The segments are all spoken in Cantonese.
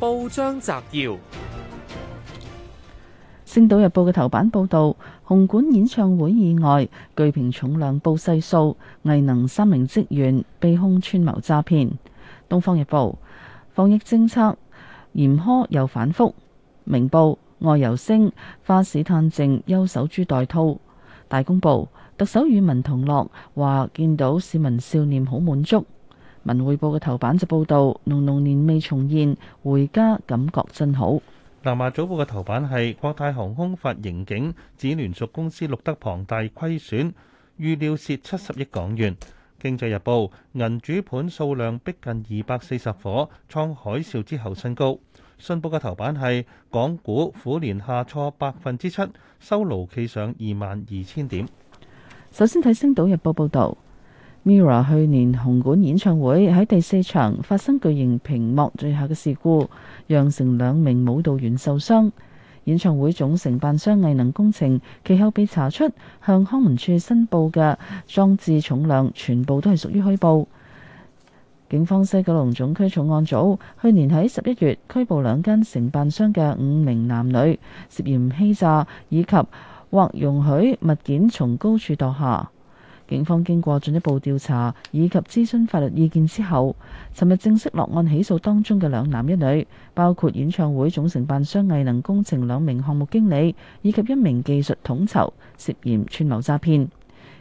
報章摘要：《星島日報》嘅頭版報道，紅館演唱會意外，巨屏重量報細數，藝能三名職員被控串謀詐騙。《東方日報》防疫政策嚴苛又反覆。《明報》外遊星，花市探靜，又守株待兔。《大公報》特首與民同樂，話見到市民笑臉好滿足。文匯報嘅頭版就報道：濃濃年味重現，回家感覺真好。南華早報嘅頭版係國泰航空發盈警，指聯屬公司錄得龐大虧損，預料蝕七十億港元。經濟日報，銀主盤數量逼近二百四十伙，創海嘯之後新高。信報嘅頭版係港股虎年下挫百分之七，收牢企上二萬二千點。首先睇《星島日報》報道。Mira 去年紅館演唱會喺第四場發生巨型屏幕墜下嘅事故，讓成兩名舞蹈員受傷。演唱會總承辦商藝能工程，其後被查出向康文署申報嘅裝置重量全部都係屬於虛報。警方西九龍總區重案組去年喺十一月拘捕兩間承辦商嘅五名男女，涉嫌欺詐以及或容許物件從高處墮下。警方經過進一步調查以及諮詢法律意見之後，尋日正式落案起訴當中嘅兩男一女，包括演唱會總承辦商藝能工程兩名項目經理以及一名技術統籌，涉嫌串謀詐騙。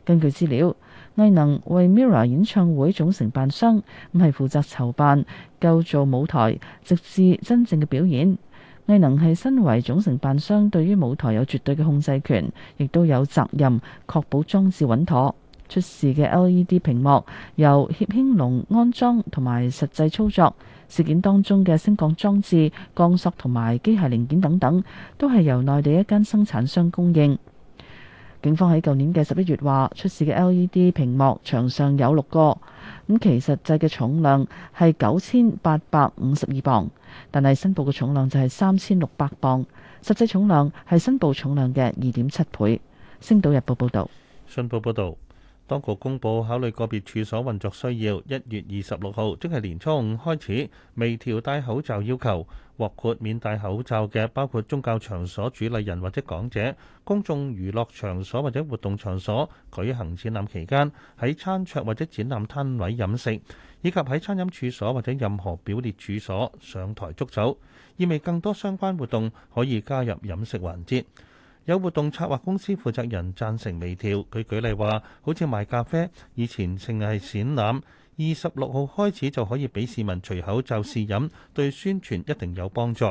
根據資料，藝能為 MIRROR 演唱會總承辦商，咁係負責籌辦、構造舞台，直至真正嘅表演。藝能係身為總承辦商，對於舞台有絕對嘅控制權，亦都有責任確保裝置穩妥。出事嘅 LED 屏幕由協興隆安裝同埋實際操作事件當中嘅升降裝置、鋼索同埋機械零件等等，都係由內地一間生產商供應。警方喺舊年嘅十一月話，出事嘅 LED 屏幕牆上有六個，咁其實際嘅重量係九千八百五十二磅，但係申報嘅重量就係三千六百磅，實際重量係申報重量嘅二點七倍。星島日報報道，信報報道。當局公佈考慮個別處所運作需要，一月二十六號即係年初五開始微調戴口罩要求，獲豁免戴口罩嘅包括宗教場所主禮人或者講者、公眾娛樂場所或者活動場所舉行展覽期間喺餐桌或者展覽攤位飲食，以及喺餐飲處所或者任何表列處所上台祝酒，意味更多相關活動可以加入飲食環節。有活動策劃公司負責人贊成微調，佢舉例話：好似賣咖啡，以前淨係展覽，二十六號開始就可以俾市民除口罩試飲，對宣傳一定有幫助。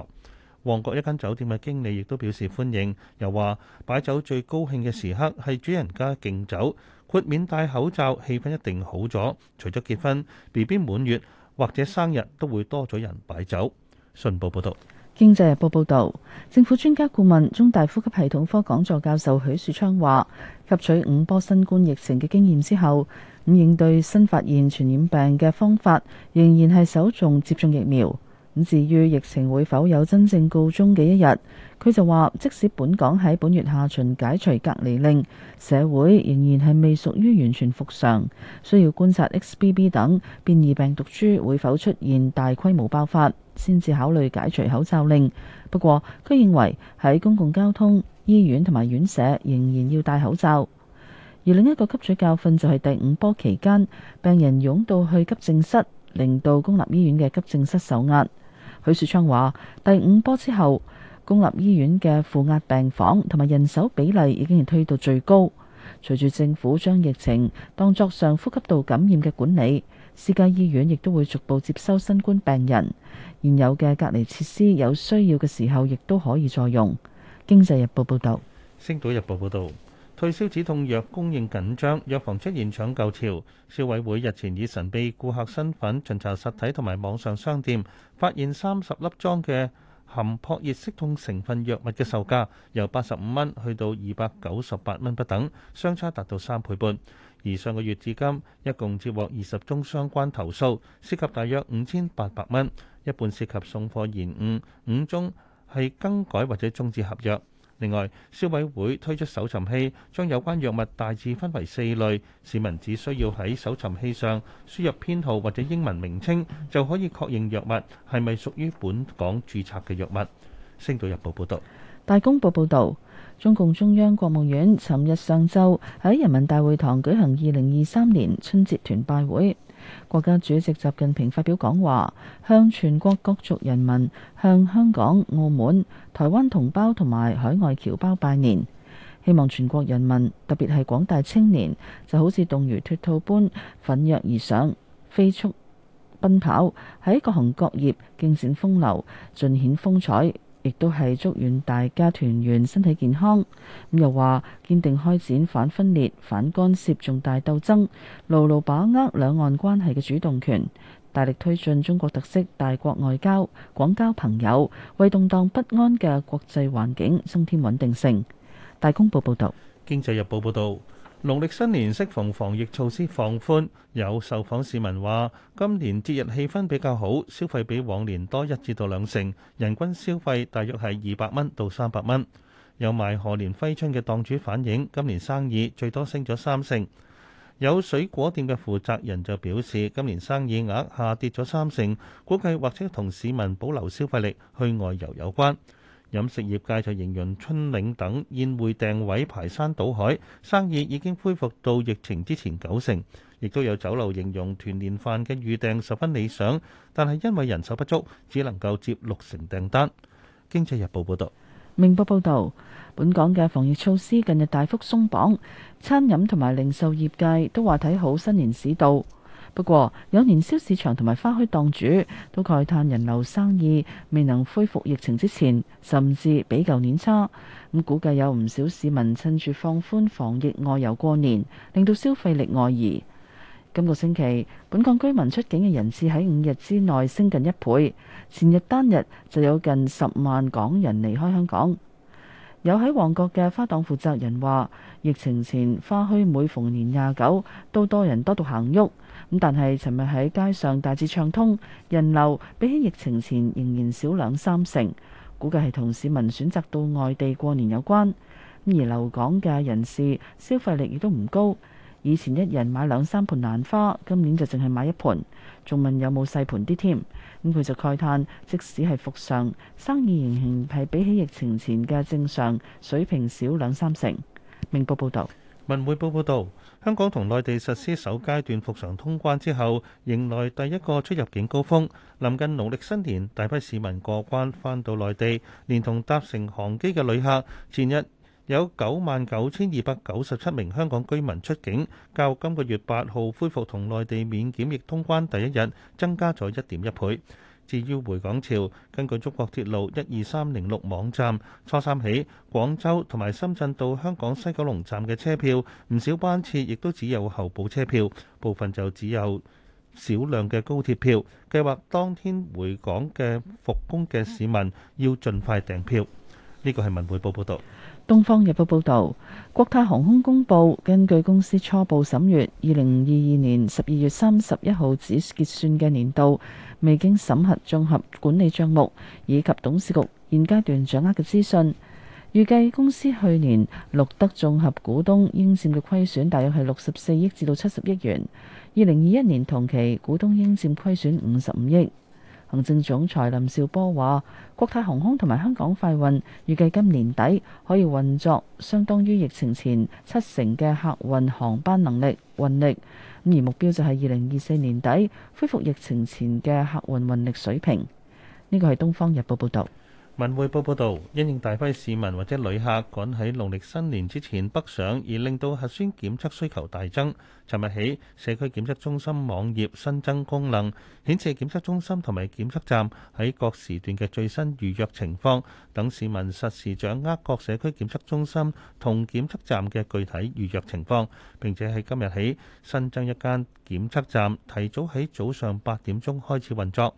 旺角一間酒店嘅經理亦都表示歡迎，又話擺酒最高興嘅時刻係主人家敬酒，豁免戴口罩，氣氛一定好咗。除咗結婚、B B 滿月或者生日，都會多咗人擺酒。信報報道。經濟日報報道，政府專家顧問、中大呼吸系統科講座教授許樹昌話，吸取五波新冠疫情嘅經驗之後，咁應對新發現傳染病嘅方法，仍然係首重接種疫苗。至於疫情會否有真正告終嘅一日，佢就話：即使本港喺本月下旬解除隔離令，社會仍然係未屬於完全復常，需要觀察 XBB 等變異病毒株會否出現大規模爆發，先至考慮解除口罩令。不過，佢認為喺公共交通、醫院同埋院舍仍然要戴口罩。而另一個吸取教訓就係第五波期間，病人湧到去急症室，令到公立醫院嘅急症室受壓。許樹昌話：第五波之後，公立醫院嘅負壓病房同埋人手比例已經係推到最高。隨住政府將疫情當作上呼吸道感染嘅管理，私家醫院亦都會逐步接收新冠病人。現有嘅隔離設施有需要嘅時候，亦都可以再用。經濟日報報道，星島日報報道。退燒止痛藥供應緊張，藥房出現搶購潮。消委會日前以神秘顧客身份巡查實體同埋網上商店，發現三十粒裝嘅含撲熱息痛成分藥物嘅售價由八十五蚊去到二百九十八蚊不等，相差達到三倍半。而上個月至今，一共接獲二十宗相關投訴，涉及大約五千八百蚊，一半涉及送貨延誤，五宗係更改或者終止合約。另外，消委會推出搜尋器，將有關藥物大致分為四類，市民只需要喺搜尋器上輸入編號或者英文名稱，就可以確認藥物係咪屬於本港註冊嘅藥物。星島日報報道，大公報報道，中共中央國務院尋日上晝喺人民大會堂舉行二零二三年春節團拜會。國家主席習近平發表講話，向全國各族人民、向香港、澳門、台灣同胞同埋海外僑胞拜年，希望全國人民，特別係廣大青年，就好似動如脫兔般奮躍而上，飛速奔跑，喺各行各業競展風流，盡顯風采。亦都係祝願大家團圓、身體健康。咁又話堅定開展反分裂、反干涉重大鬥爭，牢牢把握兩岸關係嘅主動權，大力推進中國特色大國外交，廣交朋友，為動蕩不安嘅國際環境增添穩定性。大公報報道，經濟日報報道。農曆新年適逢防疫措施放寬，有受訪市民話：今年節日氣氛比較好，消費比往年多一至到兩成，人均消費大約係二百蚊到三百蚊。有賣賀年揮春嘅檔主反映，今年生意最多升咗三成。有水果店嘅負責人就表示，今年生意額下跌咗三成，估計或者同市民保留消費力去外遊有關。飲食業界就形容春茗等宴會訂位排山倒海，生意已經恢復到疫情之前九成，亦都有酒樓形容團年飯嘅預訂十分理想，但係因為人手不足，只能夠接六成訂單。經濟日報報道，明報報道，本港嘅防疫措施近日大幅鬆綁，餐飲同埋零售業界都話睇好新年市道。不過，有年宵市場同埋花墟檔主都慨嘆人流生意未能恢復疫情之前，甚至比舊年差。咁估計有唔少市民趁住放寬防疫外遊過年，令到消費力外移。今個星期，本港居民出境嘅人次喺五日之內升近一倍，前日單日就有近十萬港人離開香港。有喺旺角嘅花檔負責人話，疫情前花墟每逢年廿九都多人多到行喐，咁但係尋日喺街上大致暢通，人流比起疫情前仍然少兩三成，估計係同市民選擇到外地過年有關。而留港嘅人士消費力亦都唔高。以前一人買兩三盆蘭花，今年就淨係買一盆，仲問有冇細盤啲添？咁、嗯、佢就慨嘆，即使係復常，生意仍然係比起疫情前嘅正常水平少兩三成。明報報導，文匯報報道：香港同內地實施首階段復常通關之後，迎來第一個出入境高峰。臨近農曆新年，大批市民過關翻到內地，連同搭乘航機嘅旅客，前日，有九萬九千二百九十七名香港居民出境，較今個月八號恢復同內地免檢疫通關第一日增加咗一點一倍。至於回港潮，根據中國鐵路一二三零六網站，初三起廣州同埋深圳到香港西九龍站嘅車票，唔少班次亦都只有候補車票，部分就只有少量嘅高鐵票。計劃當天回港嘅復工嘅市民要盡快訂票。呢個係文匯報報導。東方日報報道，國泰航空公布，根據，公司初步審閱二零二二年十二月三十一號止結算嘅年度，未經審核綜合管理賬目以及董事局現階段掌握嘅資訊，預計公司去年錄得綜合股東應占嘅虧損大約係六十四億至到七十億元，二零二一年同期股東應占虧損五十五億。行政總裁林紹波話：國泰航空同埋香港快運預計今年底可以運作相當於疫情前七成嘅客運航班能力運力，咁而目標就係二零二四年底恢復疫情前嘅客運運力水平。呢個係《東方日報》報道。文匯報報導，因應大批市民或者旅客趕喺農曆新年之前北上，而令到核酸檢測需求大增。尋日起，社區檢測中心網頁新增功能，顯示檢測中心同埋檢測站喺各時段嘅最新預約情況，等市民實時掌握各社區檢測中心同檢測站嘅具體預約情況。並且喺今日起新增一間檢測站，提早喺早上八點鐘開始運作。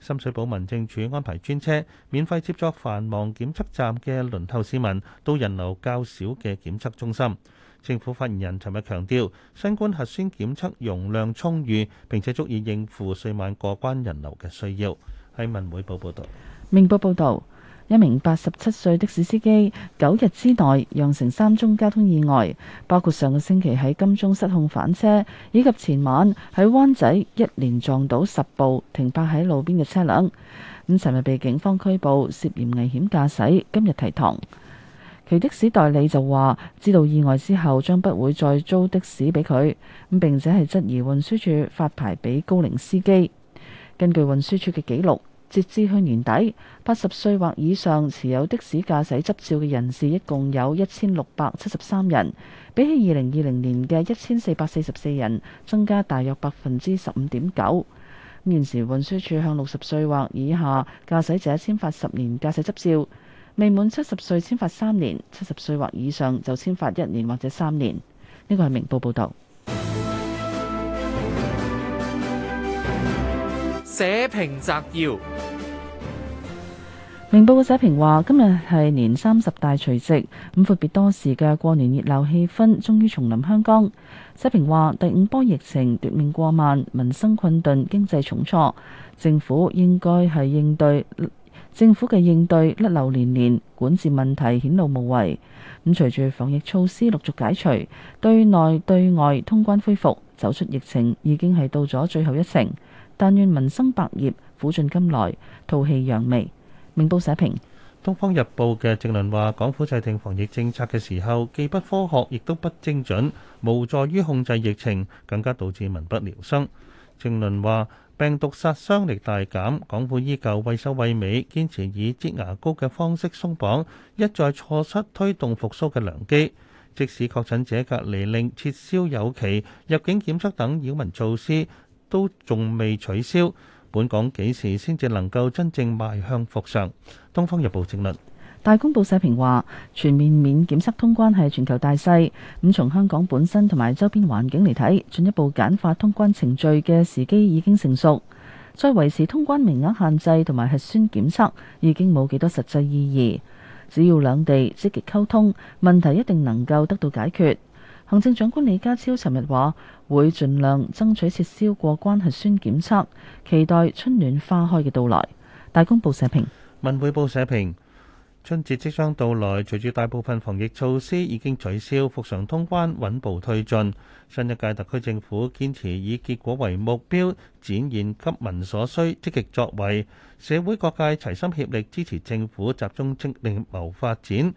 深水埗民政署安排專車免費接載繁忙檢測站嘅輪候市民到人流較少嘅檢測中心。政府發言人尋日強調，新冠核酸檢測容量充裕，並且足以應付歲晚過關人流嘅需要。喺文匯報報導，明報報導。一名八十七歲的士司機，九日之內釀成三宗交通意外，包括上個星期喺金鐘失控反車，以及前晚喺灣仔一連撞到十部停泊喺路邊嘅車輛。咁尋日被警方拘捕，涉嫌危險駕駛，今日提堂。其的士代理就話：知道意外之後，將不會再租的士俾佢。咁並且係質疑運輸署發牌俾高齡司機。根據運輸署嘅記錄。截至去年底，八十歲或以上持有的士駕駛執照嘅人士一共有一千六百七十三人，比起二零二零年嘅一千四百四十四人，增加大約百分之十五點九。咁現時運輸署向六十歲或以下駕駛者簽發十年駕駛執照，未滿七十歲簽發三年，七十歲或以上就簽發一年或者三年。呢個係明報報道。社評摘要，明報嘅社評話：今日係年三十大除夕，咁闊別多時嘅過年熱鬧氣氛終於重臨香港。社評話，第五波疫情奪命過萬，民生困頓，經濟重挫，政府應該係應對政府嘅應對甩漏連連，管治問題顯露無遺。咁隨住防疫措施陸續解除，對內對外通關恢復，走出疫情已經係到咗最後一程。但願民生百業苦盡甘來，吐氣揚眉。明報社評。《東方日報》嘅正論話：港府制定防疫政策嘅時候既不科學，亦都不精準，無助於控制疫情，更加導致民不聊生。正論話：病毒殺傷力大減，港府依舊畏首畏尾，堅持以擠牙膏嘅方式鬆綁，一再錯失推動復甦嘅良機。即使確診者隔離令撤銷有期、入境檢測等擾民措施。都仲未取消，本港幾時先至能夠真正邁向復常？《東方日報》正論、大公報社評話，全面免檢測通關係全球大勢，咁從香港本身同埋周邊環境嚟睇，進一步簡化通關程序嘅時機已經成熟。再維持通關名額限制同埋核酸檢測已經冇幾多實際意義，只要兩地積極溝通，問題一定能夠得到解決。行政長官李家超尋日話：會盡量爭取撤銷過關核酸檢測，期待春暖花開嘅到來。大公報社評，文匯報社評：春節即將到來，隨住大部分防疫措施已經取消，復常通關穩步推進。新一屆特區政府堅持以結果為目標，展現急民所需，積極作為，社會各界齊心協力支持政府集中精力謀發展。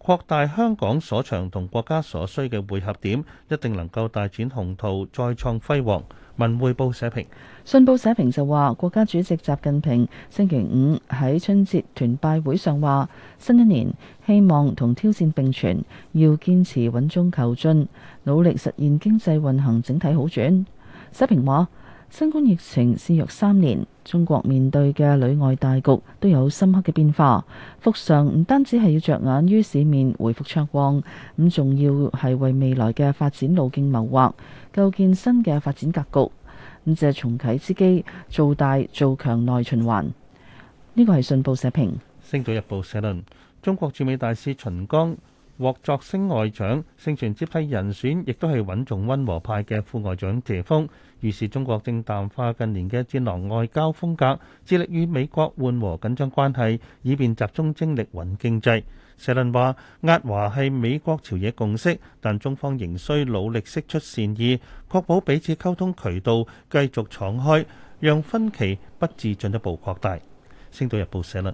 擴大香港所長同國家所需嘅匯合點，一定能夠大展宏圖，再創輝煌。文匯報社評，信報社評就話，國家主席習近平星期五喺春節團拜會上話，新一年希望同挑戰並存，要堅持穩中求進，努力實現經濟運行整體好轉。社評話。新冠疫情肆虐三年，中國面對嘅裏外大局都有深刻嘅變化。復常唔單止係要着眼於市面回復暢旺，咁仲要係為未來嘅發展路徑謀劃，構建新嘅發展格局。咁借重啟之機，做大做強內循環。呢個係信報社評，星島日報社論。中國駐美大使秦剛獲擢升外長，盛傳接替人選亦都係穩重溫和派嘅副外長謝鋒。預示中國正淡化近年嘅戰狼外交風格，致力與美國緩和緊張關係，以便集中精力穩經濟。社論話：壓華係美國朝野共識，但中方仍需努力釋出善意，確保彼此溝通渠道繼續敞開，讓分歧不致進一步擴大。星島日報社論。